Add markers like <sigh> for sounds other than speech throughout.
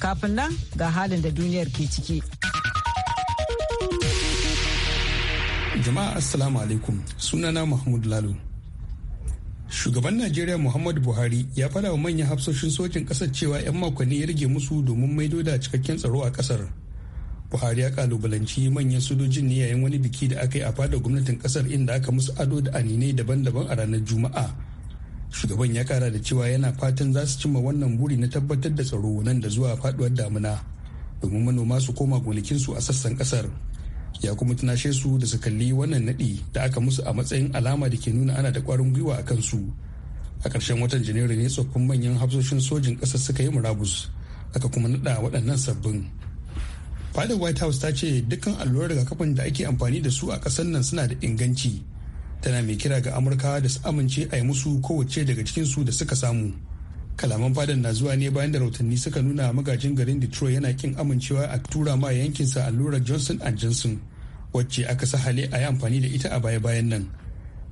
Kafin nan ga halin da duniyar ke ciki. Jama'a Assalamu alaikum sunana Mahmud Lalo. Shugaban Najeriya Muhammadu Buhari ya fada wa manyan hafsoshin sojin ƙasar cewa 'yan makonni ya rage musu domin maido da cikakken tsaro a ƙasar. Buhari ya kalubalanci manyan sojojin ne yayin wani biki da aka yi a fadar gwamnatin ƙasar inda aka musu ado da aninai daban-daban a ranar Juma'a. shugaban ya kara da cewa yana fatan za su cimma wannan buri na tabbatar da tsaro nan da zuwa faduwar damuna domin manoma su koma gonakinsu a sassan kasar ya kuma tunashe su da su kalli wannan nadi da aka musu a matsayin alama da ke nuna ana da kwarin gwiwa a kansu a ƙarshen watan janairu ne tsoffin manyan hafsoshin sojin ƙasar suka yi murabus aka kuma nada waɗannan sabbin fadar white house ta ce dukkan allurar rigakafin da ake amfani da su a ƙasar nan suna da inganci tana mai kira ga amurka da su amince a yi musu kowace daga cikinsu da suka samu kalaman fadan na zuwa ne bayan da rautanni suka nuna magajin garin detroit yana kin amincewa a tura ma yankinsa allurar johnson and johnson wacce aka sahale a yi amfani da ita a baya-bayan nan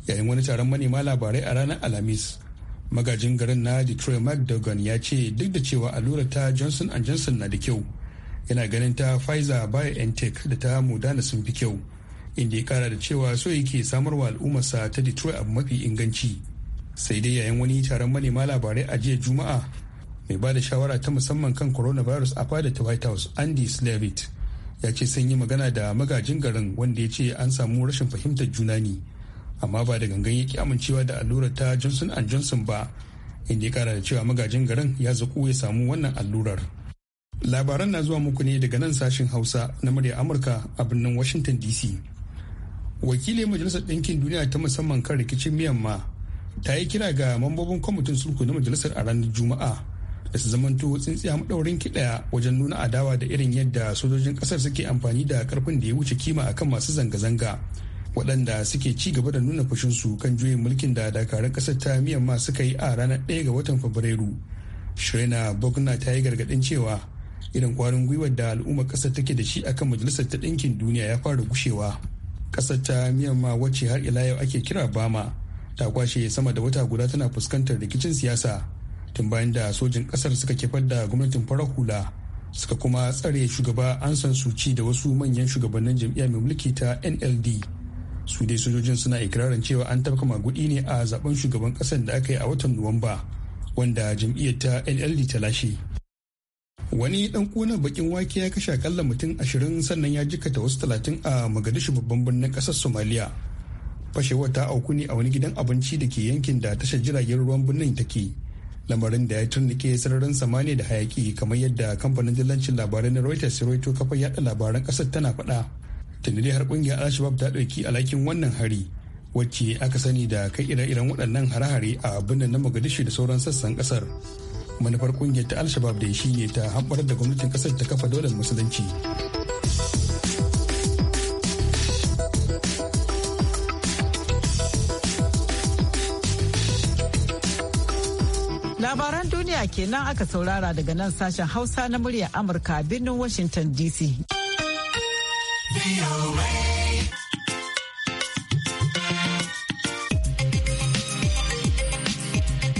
yayin wani taron manema labarai a ranar alhamis magajin garin na detroit macdogon ya ce duk da cewa allurar ta johnson and johnson na da kyau yana ganin ta pfizer biontech da ta modana sun fi kyau inda ya kara da cewa so yake samar wa al'ummarsa ta detroit abu mafi inganci sai dai yayin wani taron manema labarai a jiya juma'a mai ba da shawara ta musamman kan coronavirus a fada ta white house andy slavitt ya ce sun yi magana da magajin garin wanda ya ce an samu rashin fahimtar juna ne amma ba da gangan yake amincewa da allurar ta johnson and johnson ba inda ya kara da cewa magajin garin ya zaku ya samu wannan allurar labaran na zuwa muku ne daga nan sashin hausa na murya amurka a birnin washington dc wakilin majalisar ɗinkin duniya ta musamman kan rikicin miyamma ta yi kira ga mambobin kwamitin sulhu na majalisar a ranar juma'a da su zamanto tsintsiya maɗaurin kiɗaya wajen nuna adawa da irin yadda sojojin ƙasar suke amfani da ƙarfin da ya wuce kima akan masu zanga-zanga waɗanda suke ci gaba da nuna su kan juyin mulkin da dakarun ƙasar ta miyamma suka yi a ranar ɗaya ga watan fabrairu shirena bogna ta yi gargaɗin cewa irin kwarin gwiwar da al'ummar ƙasar take da shi akan majalisar ta ɗinkin duniya ya fara gushewa kasar ta miyamma wacce har ila yau ake kira bama ta kwashe sama da wata guda tana fuskantar rikicin siyasa tun bayan da sojin kasar suka kefar da gwamnatin farar hula suka kuma tsare shugaba an san suci da wasu manyan shugabannin jam'iyya mai mulki ta nld su dai sojojin suna ikirarin cewa an tafka magudi ne a zaben shugaban kasar da aka yi a watan nuwamba wanda jam'iyyar ta nld ta lashe wani dan kunan bakin wake ya kashe akalla mutum ashirin sannan ya jikata wasu talatin a magadishu babban birnin kasar somaliya fashewar ta auku ne a wani gidan abinci da ke yankin da tashar jiragen ruwan birnin take lamarin da ya turnike sararin samaniya da hayaki kamar yadda kamfanin dillancin labarai na reuters roito kafa yada labaran kasar tana faɗa tuni dai har kungiyar alshabab ta ɗauki alhakin wannan hari wacce aka sani da kai ire-iren waɗannan hare-hare a birnin na magadishu da sauran sassan ƙasar. manufar kungiyar ta al da shi ne ta haɓar da gwamnatin kasar ta kafa dole musulunci labaran duniya kenan aka saurara daga nan sashen hausa na muryar amurka birnin washington dc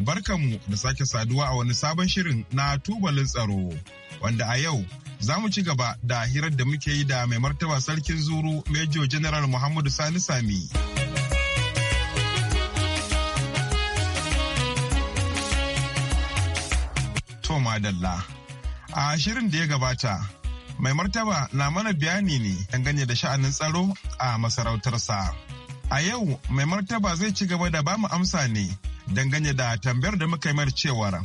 barkamu da sake saduwa a wani sabon shirin na tubalin tsaro, wanda a yau za mu ci gaba da hirar da muke yi da mai martaba sarkin zuru Major General Muhammadu Sani Sami. Toma Dalla. A shirin da ya gabata, mai martaba na mana bayani ne dangane da sha'anin tsaro a masarautarsa. A yau mai martaba zai ci gaba da bamu amsa ne dangane da tambayar da muka mar cewar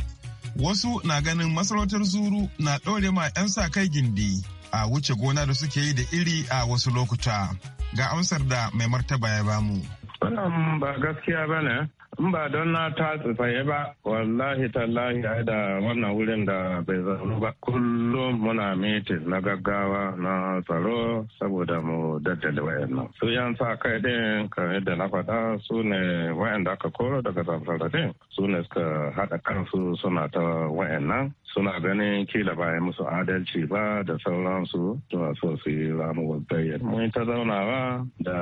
wasu na ganin masarautar zuru na ɗore ma 'yan sa kai gindi a wuce gona da suke yi da iri a wasu lokuta ga amsar da mai martaba ya bamu. Wannan ba gaskiya ba ne, in ba don na ta tsaye ba wallahi tallahi ai da wannan wurin da bai zaunu ba kullum muna miti na gaggawa na tsaro saboda mu daddale wayannan su yan sa kai din kamar yadda na faɗa su ne wayan da aka koro daga zamfara din su ne suka haɗa kansu suna ta wayannan suna ganin kila ba musu adalci ba da sauransu a so su yi ramuwar bayyana. mun ta zauna ba da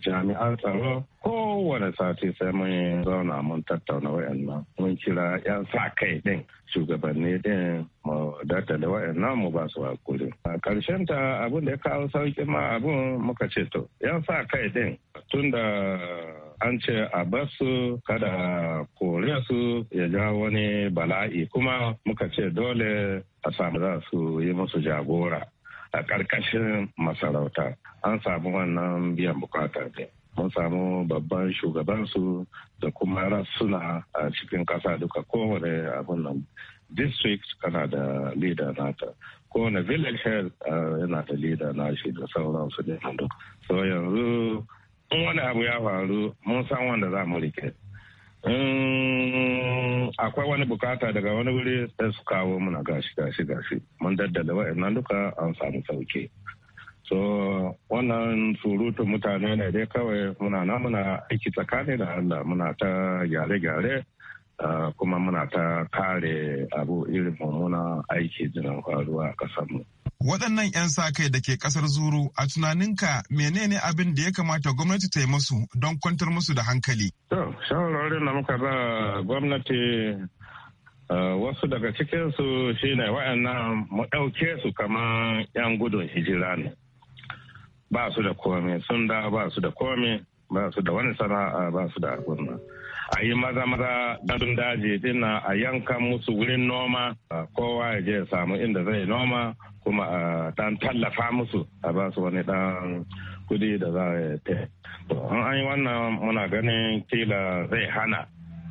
jami'ar tsaro kowane sati sai mun zauna mun tattauna nan. mun kira yan sa kai din shugabanni din data da wa'in mu ba su hakuri a ƙarshen ta abin da ya kawo sauƙi ma abin muka ce to yan sa kai din tunda an ce a basu kada kore su ya ja wani bala'i kuma muka ce dole a samu za su yi musu jagora a ƙarƙashin masarauta an samu wannan biyan bukata ne mun samu babban shugabansu da kuma rassuna a cikin ƙasa duka kowane abin nan district kana da leader nata na village health ah, yana da leader na shi da sauransu da so yanzu in wani abu ya faru mun san wanda za mu rike mm, akwai wani bukata daga wani wuri sai su kawo muna gashi gashi gashi mun daddala wa'annan duka an samu sauke so wannan surutun mutane ne dai kawai muna na muna aiki tsakani da allah muna ta gyare-gyare Ah, kuma muna ta kare abu irin mummuna aiki jiran faruwa a ƙasarmu. Waɗannan 'yan sa kai da ke ƙasar Zuru a tunaninka menene abin da ya kamata gwamnati ta yi musu don kwantar musu da hankali? To, shawararin da muka ba gwamnati ah, wasu daga cikinsu shine waɗannan mu ɗauke su kamar 'yan gudun hijira ne. Ba su da komi sun da ba su da komi. ba su da wani sana'a ba su da wannan a yi maza maza gadon daji dina a yanka musu wurin noma kowa ya je samu inda zai noma kuma a dan tallafa musu a ba su wani dan kudi da za a ta an yi wannan muna ganin kila zai hana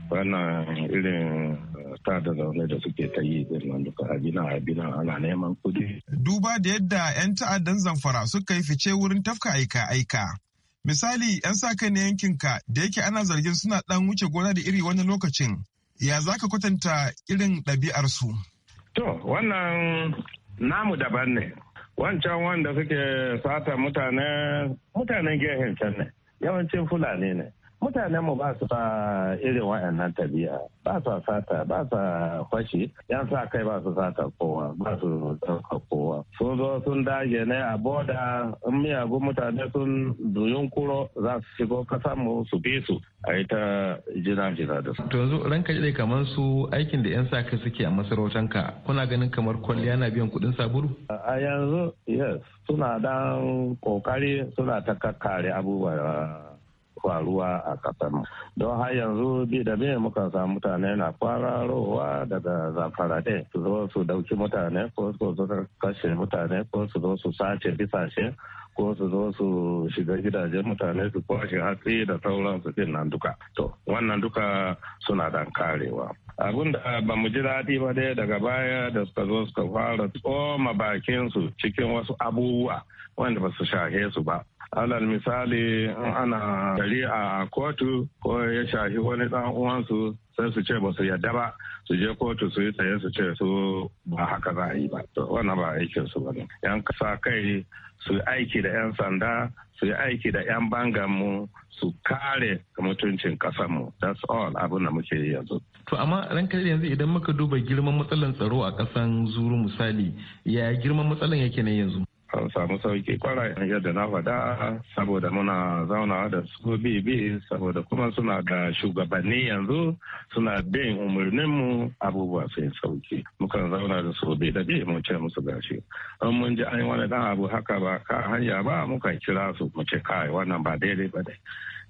wannan irin ta da zaune da suke ta yi zirman duka abina abina ana neman kudi. Duba da yadda 'yan ta'addan zamfara suka yi fice wurin tafka aika-aika. Misali, 'yan sa kai na yankinka da yake ana zargin suna ɗan wuce gona da iri wani lokacin, ya za ka kwatanta irin ɗabi'arsu? To, wannan namu daban ne. Wancan wanda suke sata mutanen gehen can ne, yawancin Fulani ne. mu ba su sa irin wa'annan tabi'a ba su sata ba su fashi yan sa kai ba su sata kowa ba su ɗauka kowa sun zo sun dage ne a boda in miyagun mutane sun duyun kuro za su shigo kasanmu su bi su a yi ta jina jina da su. to yanzu ranka dai kamar su aikin da yan sa kai suke a masarautar ka, kuna ganin kamar kwalliya na biyan kuɗin sabulu. a yanzu yes suna dan kokari suna ta kakkare abubuwa faruwa a ƙasar mu don har yanzu bi da bi muka samu mutane na kwararowa daga zamfara su zo su dauki mutane ko su zo kashe mutane ko su zo su sace bisashe ko su zo su shiga gidajen mutane su kwashe hatsi da sauransu din nan duka to wannan duka suna dan karewa abun da ba mu ji daɗi ba dai daga baya da suka zo suka fara tsoma bakinsu cikin wasu abubuwa wanda ba su shahe su ba alal misali ana gari a kotu ko ya shahi wani dan uwansu sai su ce ba su yadda ba su je kotu su yi tsaye su ce su ba haka za a yi ba to wannan ba aikin su ba ne yan kasa kai su yi aiki da yan sanda su yi aiki da yan bangan su kare mutuncin kasar mu that's all abin da muke yi yanzu to amma ranka kare yanzu idan muka duba girman matsalan tsaro a kasan zuru misali ya girman matsalan yake ne yanzu an samu sauki kwarai yadda na faɗa saboda muna zaunawa da su bi saboda kuma suna da shugabanni yanzu suna bin umarninmu abubuwa yi sauki mukan zauna da su bi da bi mu ce musu gashi an mun ji an yi wani dan abu haka ba ka hanya ba mukan kira su mu ce kai wannan ba daidai ba dai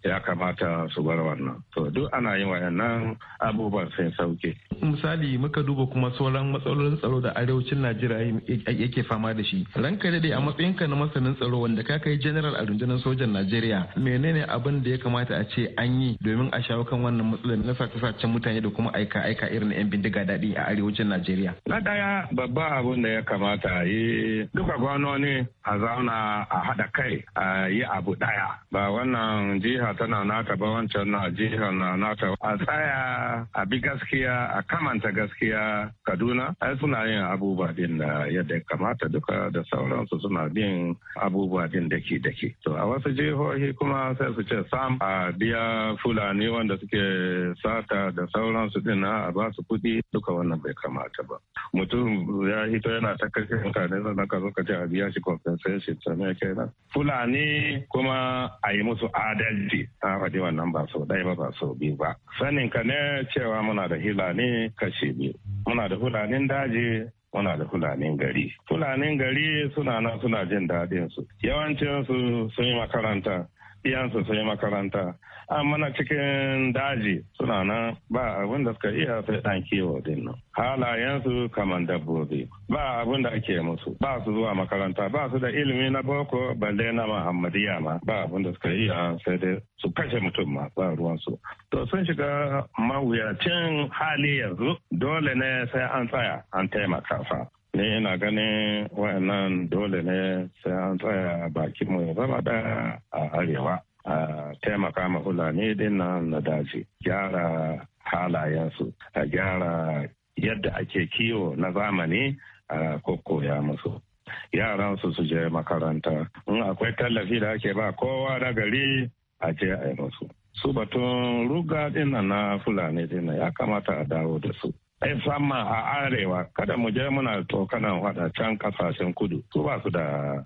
ya kamata su bar wannan to duk ana yin wayannan abubuwan sai sauke misali muka duba kuma sauran matsalolin tsaro da arewacin najeriya yake fama da shi ranka dai, a ka na masanin tsaro wanda ka kai general a rundunar sojan najeriya menene abin da ya kamata a ce an yi domin a shawo kan wannan matsalar na sace-sacen mutane da kuma aika aika irin yan bindiga daɗi a arewacin najeriya na daya babba abin da ya kamata a yi duka gwanoni a zauna a haɗa kai a yi abu daya ba wannan jiha jiha tana nata ba wancan na jiha na nata a tsaya a bi gaskiya a kamanta gaskiya kaduna ai suna yin abubuwa din da yadda ya kamata duka da sauransu suna bin abubuwa din da ke da ke to a wasu jihohi kuma sai su ce sam a biya fulani wanda suke sata da sauransu din na a ba su kuɗi duka wannan bai kamata ba mutum ya hito yana ta kashe mutane sannan ka zo ka ce a biya shi compensation sannan ya kenan fulani kuma a yi musu adalci gwamnati ta faɗi wannan ba sau ɗaya ba ba sau biyu ba. Sanin ka ne cewa muna da hulani kashe biyu. Muna da hulanin daji muna da fulanin gari. Fulanin gari suna nan suna jin daɗinsu. Yawancinsu sun yi makaranta iyansu sai makaranta a mana cikin daji suna nan ba abin da suka iya sai dan kewa din nan halayensu kamar dabbobi ba abin da ake musu ba su zuwa makaranta ba su da ilimi na boko balle na muhammadiyya ma ba abin da suka iya sai dai su kashe mutum ma ba ruwansu to sun shiga mawuyacin hali yanzu dole ne sai an tsaya an taimaka fa ne ina ganin wayannan dole ne sai an tsaya bakin mu zama da a arewa a taimaka ma fulani din nan na daji gyara halayensu a gyara yadda ake kiwo na zamani a kokoya musu yaran su su je makaranta in akwai tallafi da ake ba kowa na gari a je a yi musu su batun ruga din na fulani din ya kamata a dawo da su musamman a arewa kada mu je muna tokanan wada can kasashen kudu su ba su da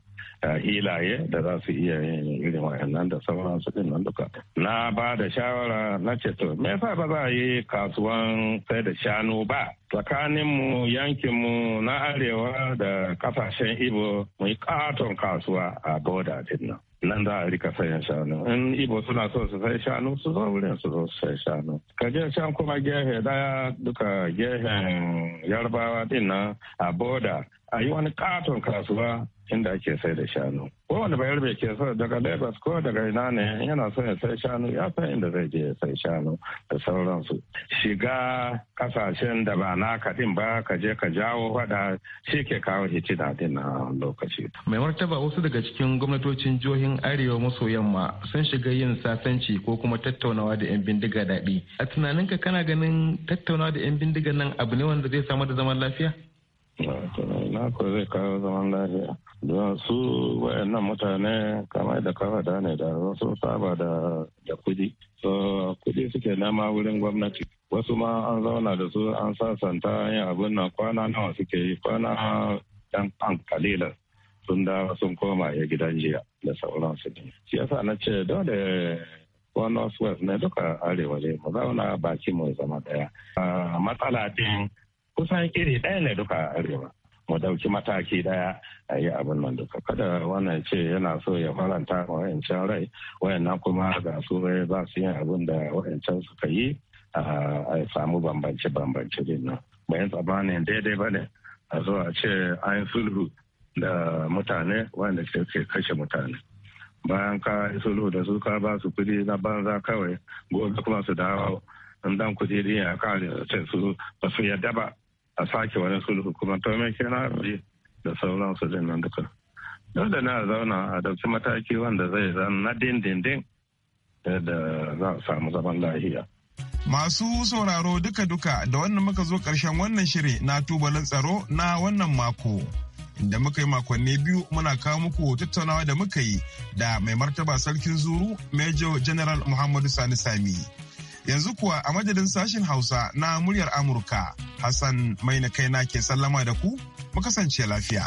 hilaye da za su iya yin irin waannan da sauransu din nan duka na ba da shawara na ce to me yasa ba za a yi kasuwan sai da shanu ba tsakanin mu yankin mu na arewa da kasashen ibo mu yi katon kasuwa a boda din nan nan za a rika sayan shanu in ibo suna so su sai shanu su zo wurin su zo su sai shanu kaje can kuma gefe daya duka gefen yarbawa din nan a boda a yi wani katon kasuwa inda ake sai da shanu kowane bayar bai ke so daga lagos ko daga ina ne yana so ya sai shanu ya san inda zai je ya sai shanu da sauransu shiga kasashen da ba na kaɗin ba ka je ka jawo fada shi ke kawo hitina din na lokaci mai martaba wasu daga cikin gwamnatocin jihohin arewa maso yamma sun shiga yin sasanci ko kuma tattaunawa da yan bindiga daɗi a tunaninka kana ganin tattaunawa da yan bindiga nan abu ne wanda zai samar da zaman lafiya na ko zai kawo zaman lafiya don su wayannan mutane kamar da kafa da ne da wasu saba da da kudi so kudi suke nema wurin gwamnati wasu ma an zauna da su an sasanta yin abin nan kwana nawa suke yi kwana dan an kalila sun da sun koma ya gidan jiya da sauransu shi yasa na ce dole ko north west ne duka arewa ne mu zauna baki mu zama daya ah, matsala din kusan iri ɗaya ne duka arewa mu dauki mataki daya a yi abin nan duka kada wannan ce yana so ya faranta ma wayancan rai wayannan kuma ga su rai ba su yin abin da wayancan suka yi a samu bambance bambance din nan bayan tsabanin daidai ba ne a zo a ce an sulhu da mutane wanda ke kashe mutane bayan ka sulhu da su ka ba su kudi na banza kawai gobe kuma su dawo in dan kudi din ya kare su ba su yadda ba a sake wani sulhu kuma mai me kenan da sauransu din nan duka dole na zauna a dauki mataki wanda zai zan na dindindin da za a samu zaman lahiya Masu sauraro duka-duka da wannan muka zo ƙarshen wannan shiri na tubalin tsaro na wannan mako. Inda muka yi makonni biyu muna kawo muku tattaunawa da muka yi da mai martaba sarkin zuru Major General Muhammadu Sani Sami. Yanzu kuwa a madadin sashen Hausa na muryar Amurka, Hassan mai na kaina ke sallama da ku, mu kasance lafiya.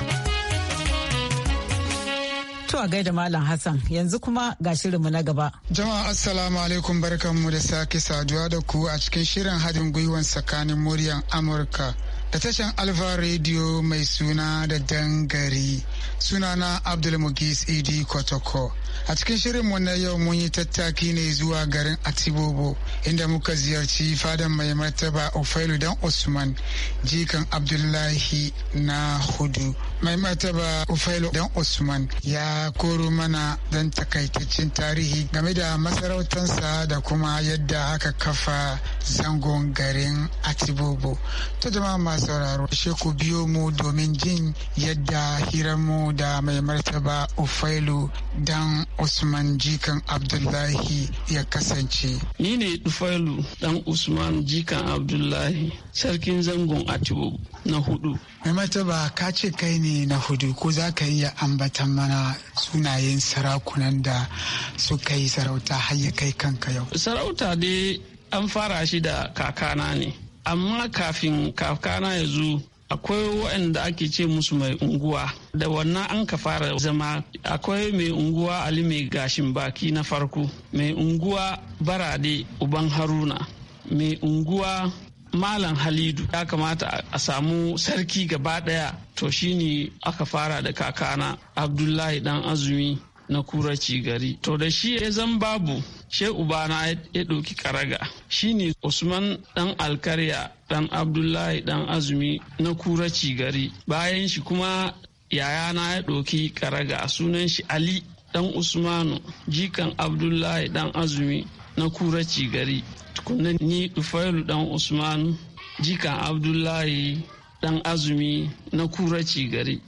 To a gaida Malam Hassan yanzu kuma ga shirinmu na gaba. Jama'a Assalamu alaikum barkanmu da sake saduwa da ku a cikin shirin haɗin gwiwan tsakanin muryar Amurka da tashan alfa radio mai suna da dangari sunana abdulmugis ed kotoko a cikin shirin mu na yau mun yi tattaki ne zuwa garin atibobo inda muka ziyarci fadan mai martaba ofailu dan usman jikan abdullahi na hudu mai martaba ofailu dan usman ya koro mana dan takaitaccen tarihi game da masarautansa da kuma yadda aka kafa zangon garin atibobo to jama'a sauraro she ku biyo mu domin jin yadda mu da mai martaba Ufailu dan Usman Jikan Abdullahi ya kasance. Ni ne Ufailu dan Usman Jikan Abdullahi sarkin zangon Atibu na hudu. Mai martaba ka ce kai ne na hudu ko za ka iya ambatan mana sunayen sarakunan da suka yi sarauta har ya kai kanka yau. Sarauta dai an fara shi da kakana ne. amma kafin kakana ya zo akwai waɗanda ake ce musu mai unguwa da wannan an ka fara zama akwai mai unguwa ali mai gashin baki na farko mai unguwa barade uban haruna mai unguwa malam halidu ya kamata a samu sarki gaba daya to shine aka fara da kakana abdullahi dan azumi na kura gari to da shi ya zan babu shi ubana ya ɗauki karaga shine usman ɗan alkarya ɗan abdullahi ɗan azumi na kura gari bayan shi kuma yayana ya ɗauki karaga sunan shi ali ɗan usmanu jikan abdullahi ɗan azumi na kura cigari tukunan ni dufailu ɗan usmanu jikan abdullahi dan azumi na kura gari.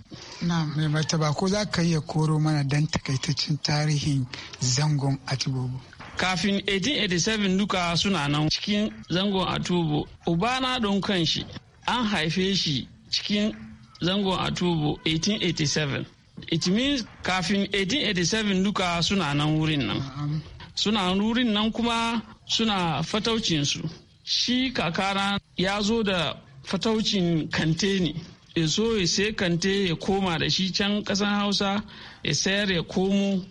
na mai martaba ko za ka iya koro mana dan takaitaccen tarihin zangon atibobo kafin 1887 duka suna nan cikin zangon atubo ubana don kanshi an haife shi cikin zangon atubo 1887 it means kafin 1887 duka suna nan wurin nan suna wurin nan kuma suna fataucinsu shi kakana ya zo da fataucin kante ne ya so ya sai kante ya koma da shi can kasan hausa ya sayar ya komo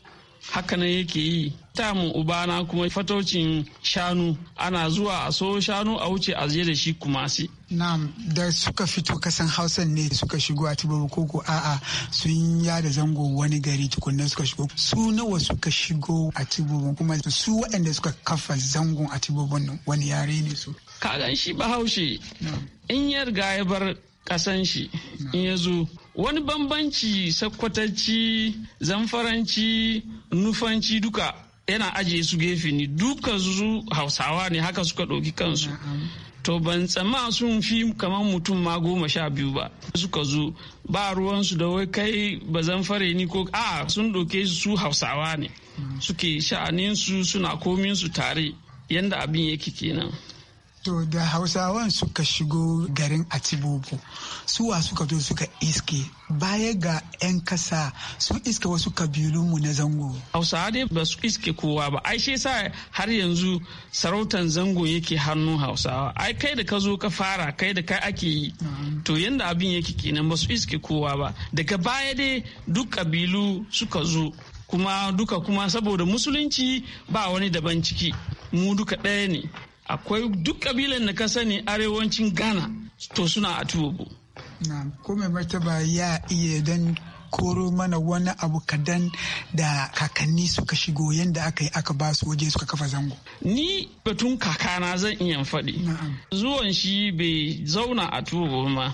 haka nan yake yi mu ubana kuma fataucin shanu ana zuwa a so shanu a wuce a je da shi kumasi Na'am da suka fito kasan Hausa ne suka shigo a Tibabu koko a'a sun ya da zango wani gari tukunna suka shigo. Su nawa suka shigo a Tibabu kuma su waɗanda suka kafa zangon a Tibabu wani yare ne su. kagan shi bahaushe in ya riga ya bar kasan shi in ya zo wani bambanci sakkwatanci zamfaranci nufanci duka yana ajiye su gefe ni duka su hausawa ne haka suka ɗauki kansu to ban tsama sun fi kamar mutum ma goma sha biyu ba suka zo ba ruwansu da wai kai ba zamfare ni ko a sun ɗauke su hausawa ne suke sha'aninsu suna kominsu tare yanda abin yake kenan to da hausawan suka shigo garin atibubu suwa suka zo suka iske baya ga 'yan kasa sun iske wasu kabilunmu na zango hausawa dai ba su iske kowa ba ai shi sa har yanzu sarautan zango yake hannu hausawa ai kai da ka zo ka fara kai da kai ake yi to yanda abin yake kenan ba su iske kowa ba daga baya dai duk kabilu suka zo kuma duka kuma saboda musulunci ba wani daban ciki mu duka ɗaya ne akwai duk kabilan da ka sani arewacin ghana to suna a tubu na kuma martaba ya iya don koro mana wani abu kadan da kakanni suka shigo yadda aka yi aka ba su waje suka kafa zango. Ni batun kakana zan iya faɗi. Zuwan shi bai zauna a tubo ma.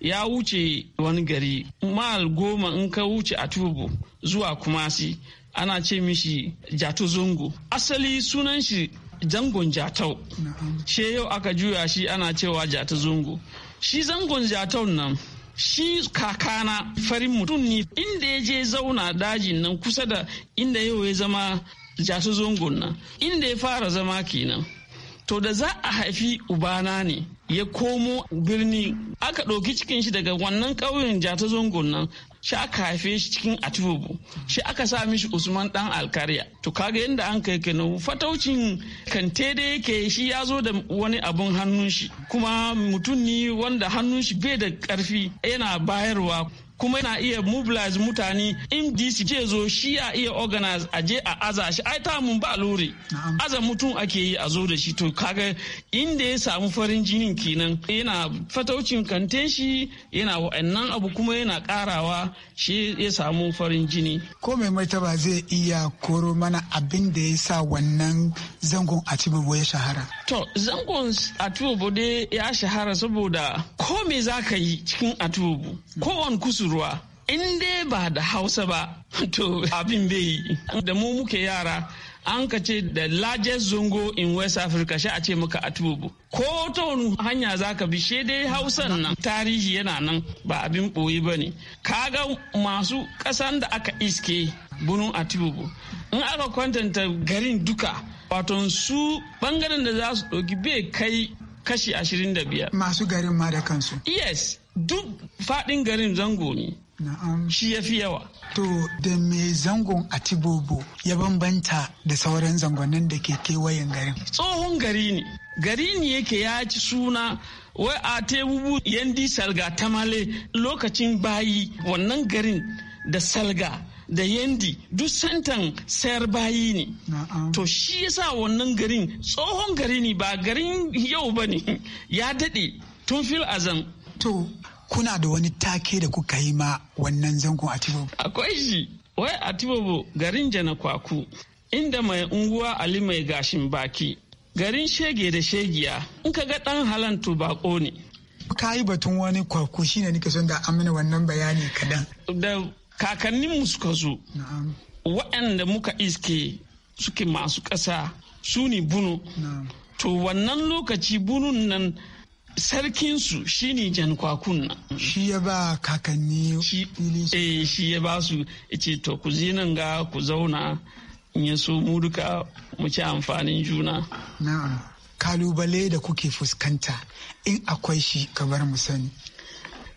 Ya wuce wani gari, mal goma in ka wuce a tubu zuwa kumasi ana ce mishi jato zongo. Asali sunan shi zangon jatau shi yau aka juya shi ana cewa jata zungu shi zangon jatau nan shi kakana farin mutum ne inda ya je zauna dajin nan kusa da inda yau ya zama jata zungun nan inda ya fara zama kenan to da za a haifi ubana ne ya komo birni aka ɗauki cikin shi daga wannan ƙauyen jata zungun nan shi aka haife shi cikin atubu shi aka sa mishi usman dan alkariya to kaga yadda an kai kano fataucin kante da yake shi ya zo da wani abun hannun shi kuma mutum ne wanda hannun shi bai da karfi yana bayarwa kuma yana iya mobilize mutane in disi ce zo shi a iya organize a je a aza shi ai ta mun ba lore aza mutum ake yi a zo da shi to kaga inda ya samu farin jinin kenan yana fataucin kanten shi yana wa'annan abu kuma yana karawa shi ya samu farin jini ko mai martaba zai iya koro mana abin da ya sa wannan zangon a ya shahara to zangon a dai ya shahara saboda ko me za ka yi cikin atubu wani kusur ruwa in dai ba da hausa ba <laughs> to abin bai yi da mu muke yara an ka ce da largest zongo in west africa sha a ce maka atubu ko ta wani hanya za ka bi she dai hausan nan tarihi yana nan ba abin ɓoye ba ne kaga masu ƙasan da aka iske bunun atubu in aka kwantanta garin duka wato su bangaren da za su ɗauki bai kai kashi 25 masu garin ma da kansu yes duk faɗin garin zango ne Na'am. Shi ya fi yawa. To da me zangon a Tibobo ya bambanta da sauran zangonnin da ke kewayen garin. Tsohon gari ne. Gari ne yake ya ci suna wai a tebubu yandi salga tamale lokacin bayi wannan garin da salga da yandi duk santan sayar bayi ne to shi yasa wannan garin tsohon gari ne ba garin yau ba ne <laughs> ya daɗe tun fil azam to kuna da wani take da kuka yi ma wannan zangon atibobo akwai shi wai atibobo garin jana kwaku inda mai unguwa ali mai gashin baki garin shege da shegiya in ka ga ɗan halantu bako ne ka yi batun wani kwaku shine ne nika son da amina wannan bayani kadan. Da Kakannin mu suka zo waɗanda muka iske suke masu ƙasa su ne bunu to wannan lokaci bunun nan sarkinsu shi ne jan kwakun shi ya ba kakanni eh shi ya ba su ce to ku nan ga ku zauna in ya so mu duka mu ci amfanin juna na'am kalubale da kuke fuskanta in akwai shi ka bar mu sani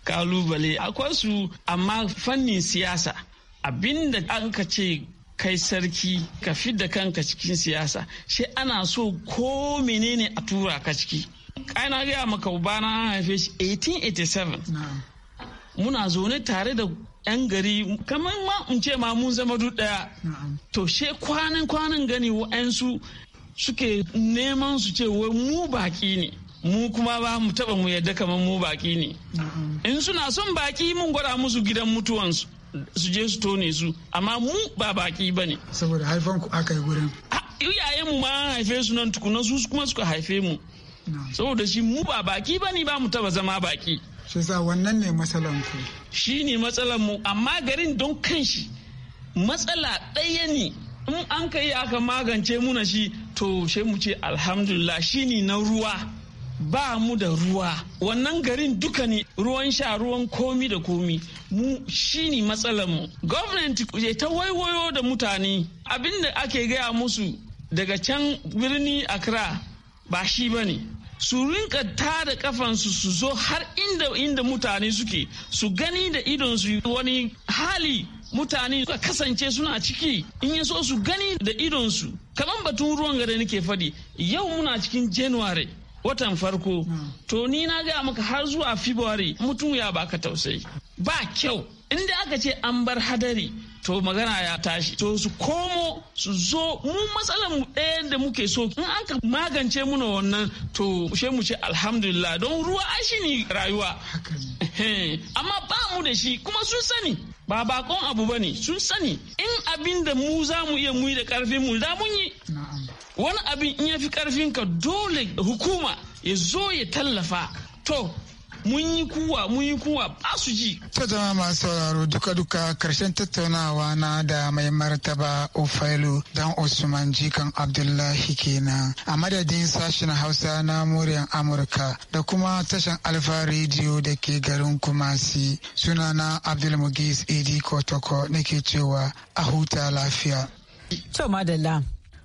kalubale akwai su amma fannin siyasa abinda aka ce kai sarki ka da kanka cikin siyasa shi ana so ko menene a tura ka ciki na gaya maka ubana haife shi 1887 muna zaune tare da 'yan gari kamar ma in ce ma mun zama duk daya to she kwanan kwanan gani wa'ansu suke neman su ce wai mu baki ne mu kuma ba mu taba mu yadda kamar mu baki ne mm-hmm. in suna son baki mun gwada musu gidan mutuwansu su je su tone su amma mu ba baki ba ne saboda haifan ku aka yi gurin iyayen mu ma haife su nan tukuna su kuma suka haife mu saboda shi mu ba baki ba ne ba mu taba zama baki shi sa wannan ne matsalan ku shi ne matsalan mu amma garin don kanshi matsala ɗaya ne in an kai aka magance muna shi to shi mu ce alhamdulillah shi ne na ruwa ba mu da ruwa wannan garin duka ne ruwan sha ruwan komi da komi mu matsalar mu gwamnati ya ta waiwayo da mutane abin da ake gaya musu daga can birni accra ba shi ba ne su rinka da kafansu su zo har inda inda mutane suke su gani da idonsu wani hali mutane suka kasance suna ciki in ya so su gani da idonsu kamar batun ruwan gare nake faɗi yau muna cikin january watan farko hmm. to ni na gaya maka har zuwa february mutum ya baka tausayi ba kyau inda aka ce an bar hadari to magana ya tashi to su komo su zo mu matsalar mu ɗaya da muke so in an ka magance muna wannan to she mu ce alhamdulillah don ruwa ashi ne rayuwa eh, amma ba mu da shi kuma sun sani ba bakon abu bane sun sani in abin da mu za mu iya muyi da karfin mu da mun yi wani abin in ya fi ka dole hukuma ya zo ya tallafa to mun yi kuwa mun yi kuwa ba su ji. Ta zama masu sauraro duka-duka karshen tattaunawa na da mai martaba Ofailu dan Usman Jikan Abdullahi kenan a madadin sashen Hausa na muryar Amurka da kuma tashan Alfa rediyo da ke garin Kumasi suna sunana Abdulmugis ed Kotoko nake cewa a huta lafiya. To madalla